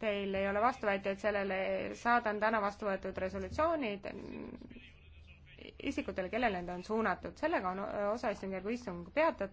teil ei ole vastuväiteid sellele, saadan täna vastu võetud resolutsioonid isikutele, kellele need on suunatud. sellega on osaistungjärgu istung peatatud.